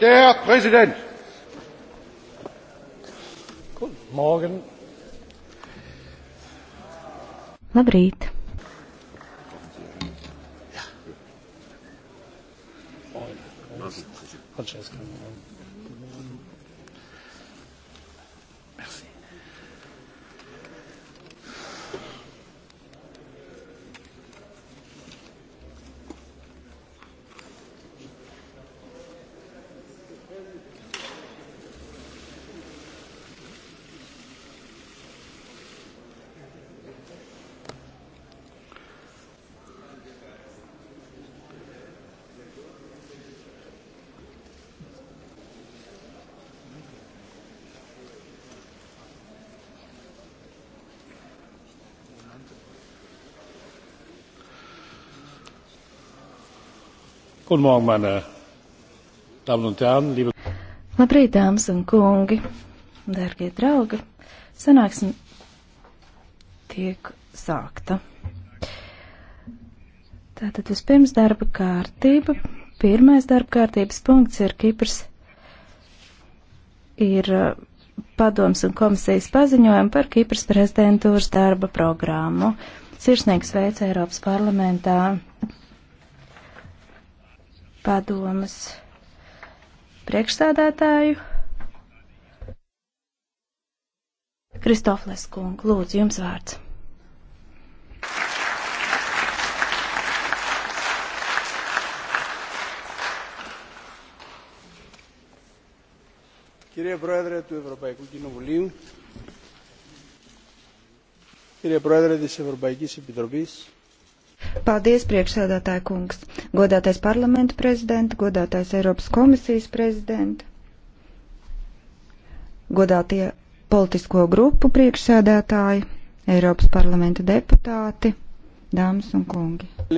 Der Präsident! Guten Morgen. Labrīt. Francesca. Merci. Guten Morgen, meine Damen und Herren, liebe. Labrīt, dāmas un kungi, dārgie draugi. Sanāksim tiek sākta. Tātad vispirms darba kārtība. Pirmais darba kārtības punkts ir Kipras. Ir uh, padoms un komisijas paziņojumi par Kipras prezidentūras darba programmu. Sirsnīgs veids Eiropas parlamentā padomas priekšsēdētāju. Kristofles kungu, lūdzu, jums vārds. Κύριε Πρόεδρε του Ευρωπαϊκού Κοινοβουλίου, κύριε Πρόεδρε της Ευρωπαϊκής Επιτροπής, Paldies, priekšsēdētāja kungs, godātais parlamenta prezidenta, godātais Eiropas komisijas prezidenta, godātie politisko grupu priekšsēdētāji, Eiropas parlamenta deputāti, dāmas un kungi.